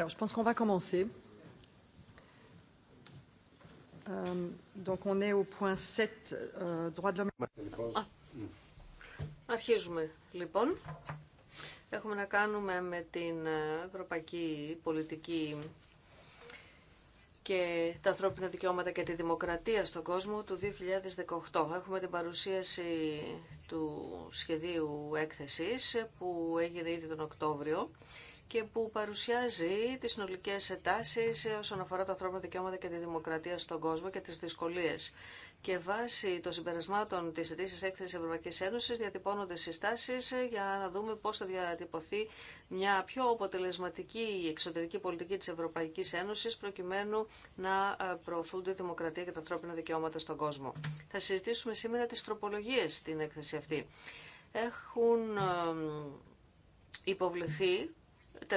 Alors, je pense qu'on va commencer. Euh, donc, on est au point 7, euh, droit de l'homme. Ah. Αρχίζουμε, λοιπόν. Έχουμε να κάνουμε με την ε, ευρωπαϊκή πολιτική και τα ανθρώπινα δικαιώματα και τη δημοκρατία στον κόσμο του 2018. Έχουμε την παρουσίαση του σχεδίου έκθεσης που έγινε ήδη τον Οκτώβριο και που παρουσιάζει τι συνολικέ τάσει όσον αφορά τα ανθρώπινα δικαιώματα και τη δημοκρατία στον κόσμο και τι δυσκολίε. Και βάσει των συμπερασμάτων τη ετήσια έκθεση Ευρωπαϊκή Ένωση, διατυπώνονται συστάσει για να δούμε πώ θα διατυπωθεί μια πιο αποτελεσματική εξωτερική πολιτική τη Ευρωπαϊκή Ένωση προκειμένου να προωθούνται τη δημοκρατία και τα ανθρώπινα δικαιώματα στον κόσμο. Θα συζητήσουμε σήμερα τι τροπολογίε στην έκθεση αυτή. Έχουν υποβληθεί 487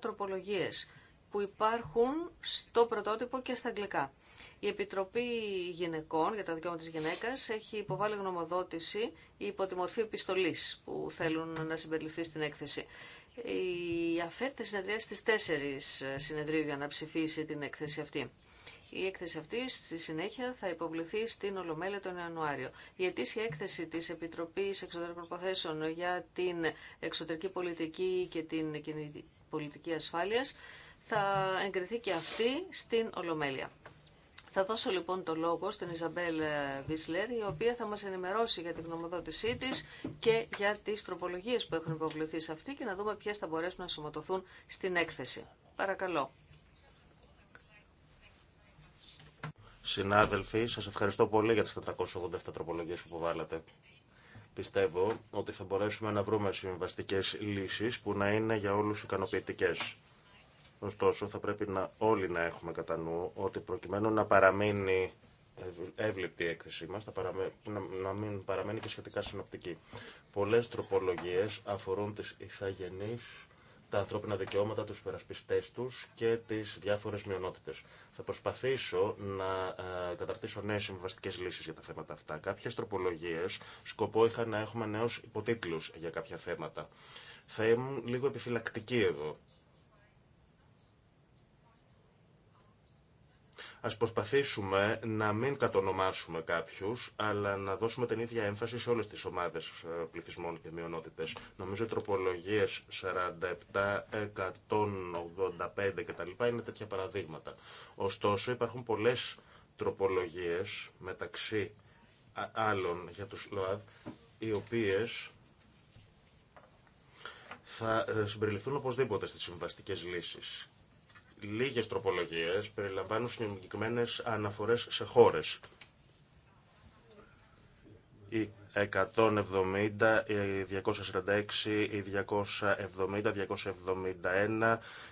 τροπολογίες που υπάρχουν στο πρωτότυπο και στα αγγλικά. Η Επιτροπή Γυναικών για τα Δικαιώματα της Γυναίκας έχει υποβάλει γνωμοδότηση υπό τη μορφή επιστολής που θέλουν να συμπεριληφθεί στην έκθεση. Η ΑΦΕΤ θα συνεδριάσει στις 4 συνεδρίου για να ψηφίσει την έκθεση αυτή. Η έκθεση αυτή στη συνέχεια θα υποβληθεί στην Ολομέλεια τον Ιανουάριο. Η ετήσια έκθεση τη Επιτροπή Εξωτερικών Προποθέσεων για την εξωτερική πολιτική και την πολιτική ασφάλεια θα εγκριθεί και αυτή στην Ολομέλεια. Θα δώσω λοιπόν το λόγο στην Ιζαμπέλ Βίσλερ, η οποία θα μας ενημερώσει για την γνωμοδότησή της και για τις τροπολογίες που έχουν υποβληθεί σε αυτή και να δούμε ποιες θα μπορέσουν να σωματωθούν στην έκθεση. Παρακαλώ. Συνάδελφοι, σας ευχαριστώ πολύ για τις 487 τροπολογίες που βάλατε. Πιστεύω ότι θα μπορέσουμε να βρούμε συμβαστικές λύσεις που να είναι για όλους ικανοποιητικέ. Ωστόσο, θα πρέπει να όλοι να έχουμε κατά νου ότι προκειμένου να παραμείνει εύληπτη η έκθεσή μας, να μην παραμένει και σχετικά συνοπτική. Πολλές τροπολογίες αφορούν τις ηθαγενείς τα ανθρώπινα δικαιώματα, τους υπερασπιστές τους και τις διάφορες μειονότητες. Θα προσπαθήσω να ε, καταρτήσω νέες συμβαστικές λύσεις για τα θέματα αυτά. Κάποιες τροπολογίες σκοπό είχα να έχουμε νέους υποτίτλους για κάποια θέματα. Θα ήμουν λίγο επιφυλακτική εδώ Ας προσπαθήσουμε να μην κατονομάσουμε κάποιους, αλλά να δώσουμε την ίδια έμφαση σε όλες τις ομάδες ε, πληθυσμών και μειονότητες. Νομίζω οι τροπολογίες 47, 185 κτλ. είναι τέτοια παραδείγματα. Ωστόσο υπάρχουν πολλές τροπολογίες μεταξύ άλλων για τους ΛΟΑΔ, οι οποίες θα ε, συμπεριληφθούν οπωσδήποτε στις συμβαστικές λύσεις Λίγες τροπολογίες περιλαμβάνουν συγκεκριμένε αναφορές σε χώρες. Οι 170, οι 246, οι 270, 271,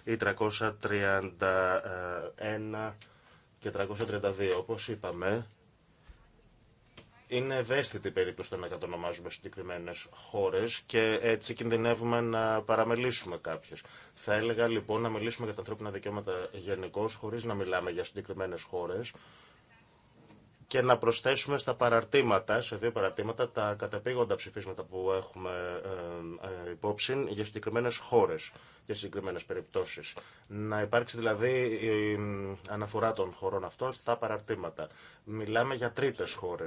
οι 331 και 332. Όπως είπαμε, είναι ευαίσθητη η περίπτωση να κατονομάζουμε συγκεκριμένε χώρε και έτσι κινδυνεύουμε να παραμελήσουμε κάποιε. Θα έλεγα λοιπόν να μιλήσουμε για τα ανθρώπινα δικαιώματα γενικώ, χωρί να μιλάμε για συγκεκριμένε χώρε και να προσθέσουμε στα παραρτήματα, σε δύο παραρτήματα, τα καταπήγοντα ψηφίσματα που έχουμε ε, ε, υπόψη για συγκεκριμένε χώρε και συγκεκριμένε περιπτώσει. Να υπάρξει δηλαδή η αναφορά των χωρών αυτών στα παραρτήματα. Μιλάμε για τρίτε χώρε.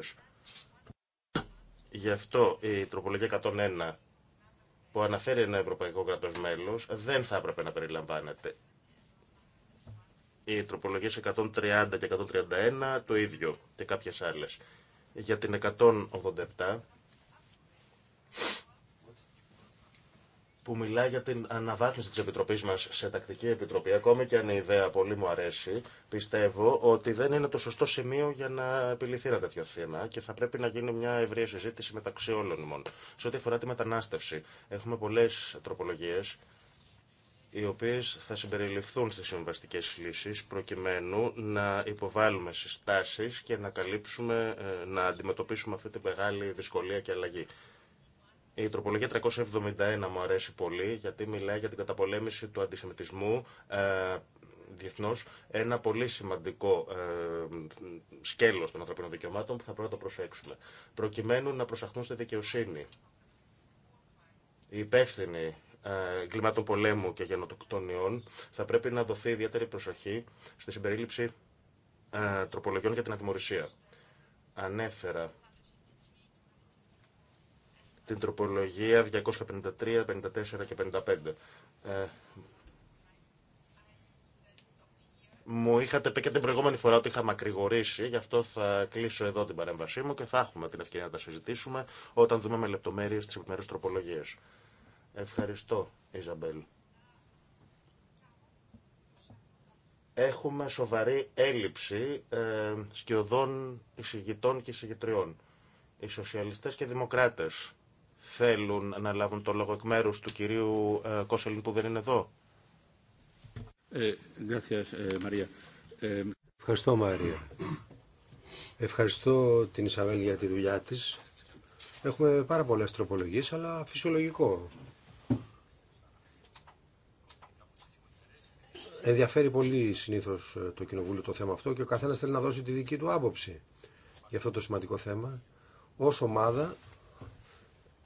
Γι' αυτό η τροπολογία 101 που αναφέρει ένα ευρωπαϊκό κράτος μέλος δεν θα έπρεπε να περιλαμβάνεται. Οι τροπολογίες 130 και 131 το ίδιο και κάποιες άλλες. Για την 187 που μιλά για την αναβάθμιση της Επιτροπής μας σε τακτική επιτροπή, ακόμη και αν η ιδέα πολύ μου αρέσει, πιστεύω ότι δεν είναι το σωστό σημείο για να επιληθεί ένα τέτοιο θέμα και θα πρέπει να γίνει μια ευρεία συζήτηση μεταξύ όλων μόνο. Σε ό,τι αφορά τη μετανάστευση, έχουμε πολλές τροπολογίες οι οποίες θα συμπεριληφθούν στις συμβαστικέ λύσεις προκειμένου να υποβάλουμε συστάσεις και να καλύψουμε, ε, να αντιμετωπίσουμε αυτή τη μεγάλη δυσκολία και αλλαγή. Η τροπολογία 371 μου αρέσει πολύ γιατί μιλάει για την καταπολέμηση του αντισημιτισμού ε, διεθνώς. Ένα πολύ σημαντικό ε, σκέλος των ανθρωπίνων δικαιωμάτων που θα πρέπει να το προσέξουμε. Προκειμένου να προσαχθούν στη δικαιοσύνη. Οι υπεύθυνοι ε, εγκλημάτων πολέμου και γενοτοκτονιών θα πρέπει να δοθεί ιδιαίτερη προσοχή στη συμπερίληψη ε, τροπολογιών για την ατιμορρησία. Ανέφερα την τροπολογία 253, 54 και 55. Ε, μου είχατε πει και την προηγούμενη φορά ότι είχα μακρηγορήσει, γι' αυτό θα κλείσω εδώ την παρέμβασή μου και θα έχουμε την ευκαιρία να τα συζητήσουμε όταν δούμε με λεπτομέρειες τις επιμέρους τροπολογίες. Ευχαριστώ, Ιζαμπέλ. Έχουμε σοβαρή έλλειψη ε, σκιωδών εισηγητών και εισηγητριών. Οι σοσιαλιστές και οι δημοκράτες θέλουν να λάβουν το λόγο εκ μέρου του κυρίου ε, Κόσελιν που δεν είναι εδώ. Μαρία. Ε, ε, Ευχαριστώ Μαρία. Ευχαριστώ την Ισαβέλ για τη δουλειά της. Έχουμε πάρα πολλές τροπολογίες, αλλά φυσιολογικό. Ενδιαφέρει πολύ συνήθως το Κοινοβούλιο το θέμα αυτό και ο καθένας θέλει να δώσει τη δική του άποψη για αυτό το σημαντικό θέμα. Ως ομάδα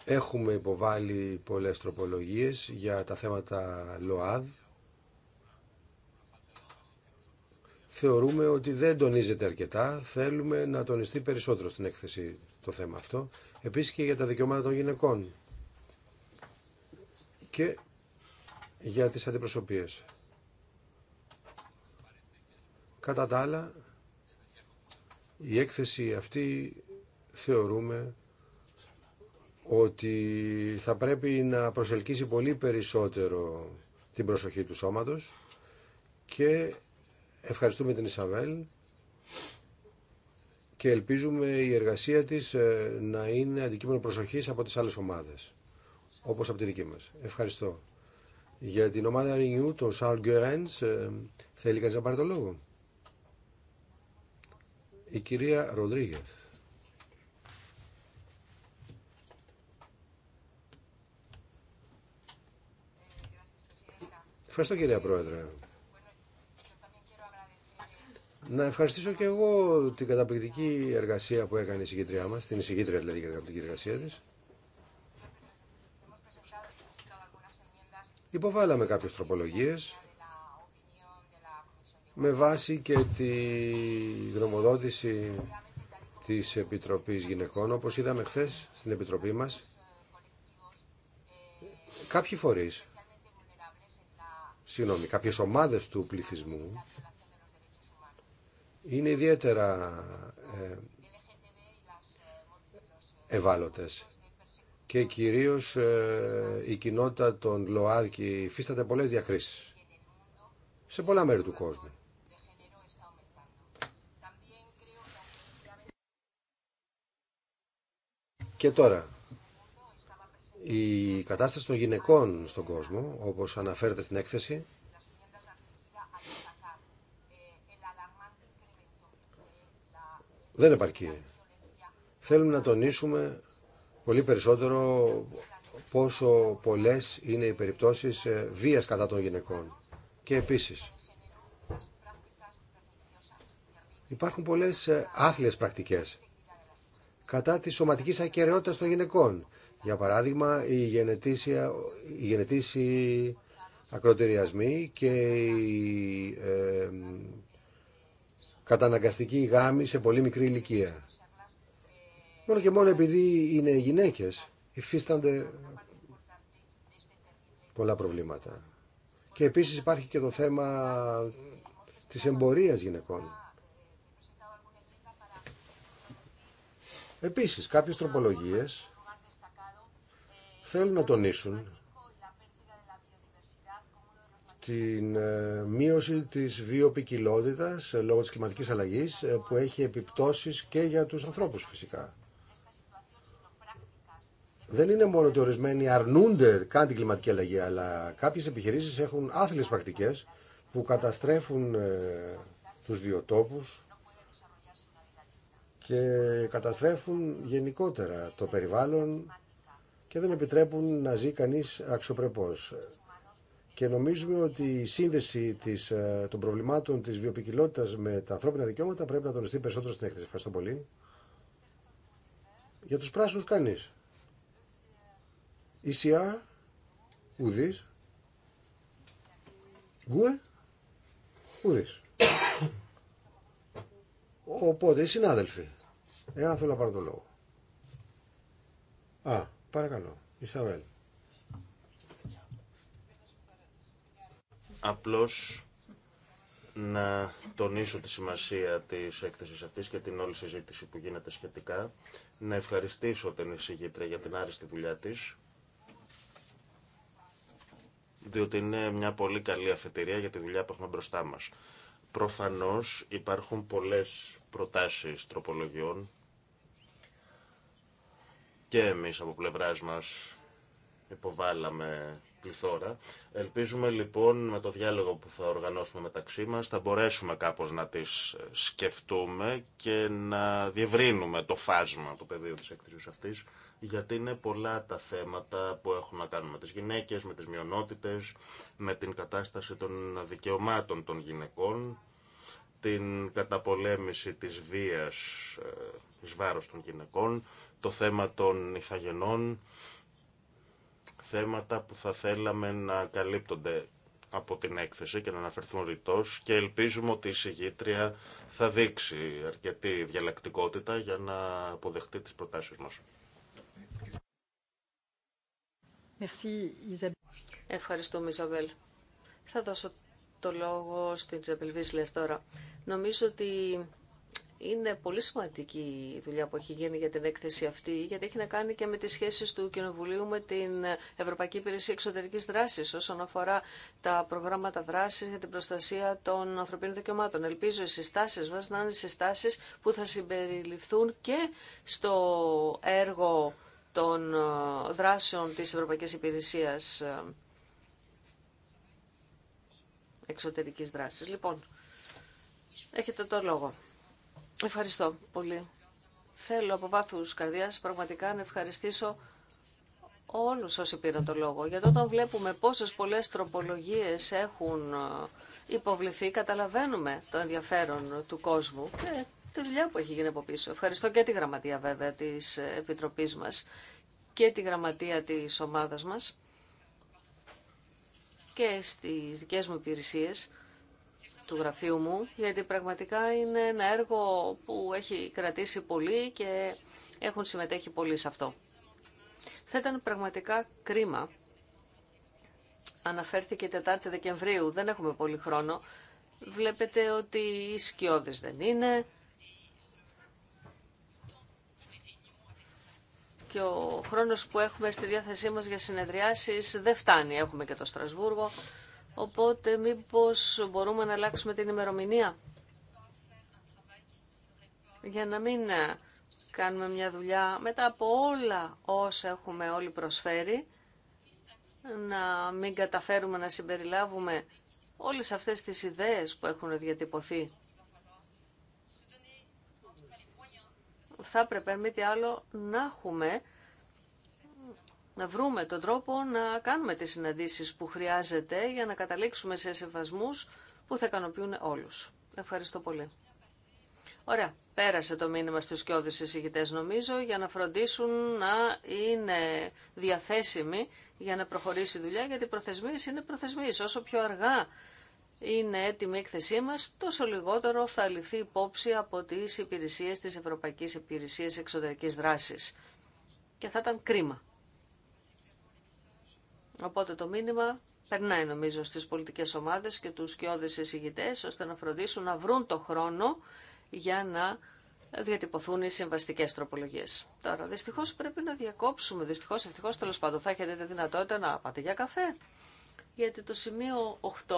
Έχουμε υποβάλει πολλές τροπολογίες για τα θέματα ΛΟΑΔ. Θεωρούμε ότι δεν τονίζεται αρκετά. Θέλουμε να τονιστεί περισσότερο στην έκθεση το θέμα αυτό. Επίσης και για τα δικαιώματα των γυναικών. Και για τις αντιπροσωπίες. Κατά τα άλλα, η έκθεση αυτή θεωρούμε ότι θα πρέπει να προσελκύσει πολύ περισσότερο την προσοχή του σώματος και ευχαριστούμε την Ισαβέλ και ελπίζουμε η εργασία της ε, να είναι αντικείμενο προσοχής από τις άλλες ομάδες, όπως από τη δική μας. Ευχαριστώ. Για την ομάδα ΡΙΝΙΟΥ, τον Σαρλ Γκέρενς, θέλει κανείς να πάρει το λόγο. Η κυρία Ροντρίγεθ. Ευχαριστώ κυρία Πρόεδρε. Να ευχαριστήσω και εγώ την καταπληκτική εργασία που έκανε η συγκήτριά μας, την συγκήτρια δηλαδή για την καταπληκτική εργασία της. Υποβάλαμε κάποιες τροπολογίες με βάση και τη γνωμοδότηση της Επιτροπής Γυναικών. Όπως είδαμε χθε στην Επιτροπή μας, κάποιοι φορείς συγγνώμη, κάποιες ομάδες του πληθυσμού είναι ιδιαίτερα ε, ευάλωτες και κυρίως ε, η κοινότητα των ΛΟΑΔΚΙ υφίσταται πολλές διακρίσεις σε πολλά μέρη του κόσμου. Και τώρα, η κατάσταση των γυναικών στον κόσμο, όπως αναφέρεται στην έκθεση, δεν επαρκεί. Θέλουμε να τονίσουμε πολύ περισσότερο πόσο πολλές είναι οι περιπτώσεις ε, βίας κατά των γυναικών. Και επίσης, υπάρχουν πολλές ε, άθλιες πρακτικές κατά της σωματικής ακαιρεότητας των γυναικών για παράδειγμα, η γενετήσια, η γενετήσιοι και η ε, καταναγκαστική γάμη σε πολύ μικρή ηλικία. Μόνο και μόνο επειδή είναι γυναίκες, υφίστανται πολλά προβλήματα. Και επίσης υπάρχει και το θέμα της εμπορίας γυναικών. Επίσης, κάποιες τροπολογίες θέλουν να τονίσουν την ε, μείωση της βιοπικιλότητας ε, λόγω της κλιματικής αλλαγής ε, που έχει επιπτώσεις και για τους ανθρώπους φυσικά. Δεν είναι μόνο ότι ορισμένοι αρνούνται καν την κλιματική αλλαγή, αλλά κάποιες επιχειρήσεις έχουν άθλιες πρακτικές που καταστρέφουν τους βιοτόπους και καταστρέφουν γενικότερα το περιβάλλον και δεν επιτρέπουν να ζει κανείς αξιοπρεπώς. Και νομίζουμε ότι η σύνδεση της, ε, των προβλημάτων της βιοπικιλότητας με τα ανθρώπινα δικαιώματα πρέπει να τονιστεί περισσότερο στην έκθεση. Ευχαριστώ πολύ. Για τους πράσινους κανείς. ECR, ουδής. Γκουε, ουδής. Οπότε, οι συνάδελφοι, εάν θέλω να πάρω τον λόγο. Α, Παρακαλώ, Ισαβέλ. Απλώς να τονίσω τη σημασία της έκθεσης αυτής και την όλη συζήτηση που γίνεται σχετικά. Να ευχαριστήσω την εισηγήτρια για την άριστη δουλειά της, διότι είναι μια πολύ καλή αφετηρία για τη δουλειά που έχουμε μπροστά μας. Προφανώς υπάρχουν πολλές προτάσεις τροπολογιών και εμείς από πλευράς μας υποβάλαμε πληθώρα. Ελπίζουμε λοιπόν με το διάλογο που θα οργανώσουμε μεταξύ μας θα μπορέσουμε κάπως να τις ε, σκεφτούμε και να διευρύνουμε το φάσμα του πεδίου της εκτρίου αυτής γιατί είναι πολλά τα θέματα που έχουν να κάνουν με τις γυναίκες, με τις μειονότητες, με την κατάσταση των δικαιωμάτων των γυναικών την καταπολέμηση της βίας ε, εις βάρος των γυναικών, το θέμα των ηθαγενών, θέματα που θα θέλαμε να καλύπτονται από την έκθεση και να αναφερθούν ρητός και ελπίζουμε ότι η συγγήτρια θα δείξει αρκετή διαλεκτικότητα για να αποδεχτεί τις προτάσεις μας. Ευχαριστώ Ιζαμπέλ. Θα δώσω το λόγο στην Τζεπελβής τώρα. Νομίζω ότι είναι πολύ σημαντική η δουλειά που έχει γίνει για την έκθεση αυτή, γιατί έχει να κάνει και με τις σχέσεις του Κοινοβουλίου με την Ευρωπαϊκή Υπηρεσία Εξωτερικής Δράσης όσον αφορά τα προγράμματα δράσης για την προστασία των ανθρωπίνων δικαιωμάτων. Ελπίζω οι συστάσεις μας να είναι συστάσεις που θα συμπεριληφθούν και στο έργο των δράσεων της Ευρωπαϊκής Υπηρεσίας ε, εξωτερικής δράσης. Λοιπόν, έχετε το λόγο. Ευχαριστώ πολύ. Θέλω από βάθους καρδιάς πραγματικά να ευχαριστήσω όλους όσοι πήραν το λόγο. Γιατί όταν βλέπουμε πόσες πολλές τροπολογίες έχουν ε, υποβληθεί, καταλαβαίνουμε το ενδιαφέρον του κόσμου και τη δουλειά που έχει γίνει από πίσω. Ευχαριστώ και τη γραμματεία βέβαια της Επιτροπής μας και τη γραμματεία της ομάδας μας και στις δικές μου υπηρεσίες του γραφείου μου, γιατί πραγματικά είναι ένα έργο που έχει κρατήσει πολύ και έχουν συμμετέχει πολύ σε αυτό. Θα ήταν πραγματικά κρίμα. Αναφέρθηκε Δεκεμβρίου, δεν έχουμε πολύ χρόνο. Βλέπετε ότι οι σκιώδες δεν είναι, και ο χρόνος που έχουμε στη διάθεσή μας για συνεδριάσεις δεν φτάνει. Έχουμε και το Στρασβούργο, οπότε μήπως μπορούμε να αλλάξουμε την ημερομηνία για να μην ε, κάνουμε μια δουλειά μετά από όλα όσα έχουμε όλοι προσφέρει, να μην καταφέρουμε να συμπεριλάβουμε όλες αυτές τις ιδέες που έχουν διατυπωθεί θα έπρεπε μη τι άλλο να έχουμε να βρούμε τον τρόπο να κάνουμε τις συναντήσεις που χρειάζεται για να καταλήξουμε σε σεβασμούς που θα ικανοποιούν όλους. Ευχαριστώ πολύ. Ωραία. Πέρασε το μήνυμα στους κοιόδους εισηγητές νομίζω για να φροντίσουν να είναι διαθέσιμοι για να προχωρήσει η δουλειά γιατί οι προθεσμίες είναι προθεσμίες. Όσο πιο αργά είναι έτοιμη η έκθεσή μα, τόσο λιγότερο θα ληφθεί υπόψη από τι υπηρεσίε τη Ευρωπαϊκή Υπηρεσία Εξωτερική Δράση. Και θα ήταν κρίμα. Οπότε το μήνυμα περνάει νομίζω στις πολιτικές ομάδες και τους σκιώδες εισηγητέ ώστε να φροντίσουν να βρουν το χρόνο για να διατυπωθούν οι συμβαστικέ τροπολογίε. Τώρα, δυστυχώ πρέπει να διακόψουμε. Δυστυχώ, ευτυχώ, τέλο πάντων, θα έχετε τη δυνατότητα να πάτε για καφέ. Γιατί το σημείο 8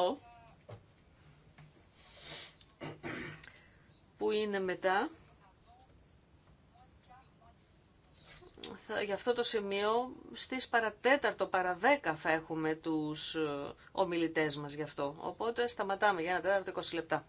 που είναι μετά, θα, για αυτό το σημείο στις παρατέταρτο παραδέκα θα έχουμε τους ε, ομιλητές μας γι' αυτό. Οπότε σταματάμε για ένα τέταρτο 20 λεπτά.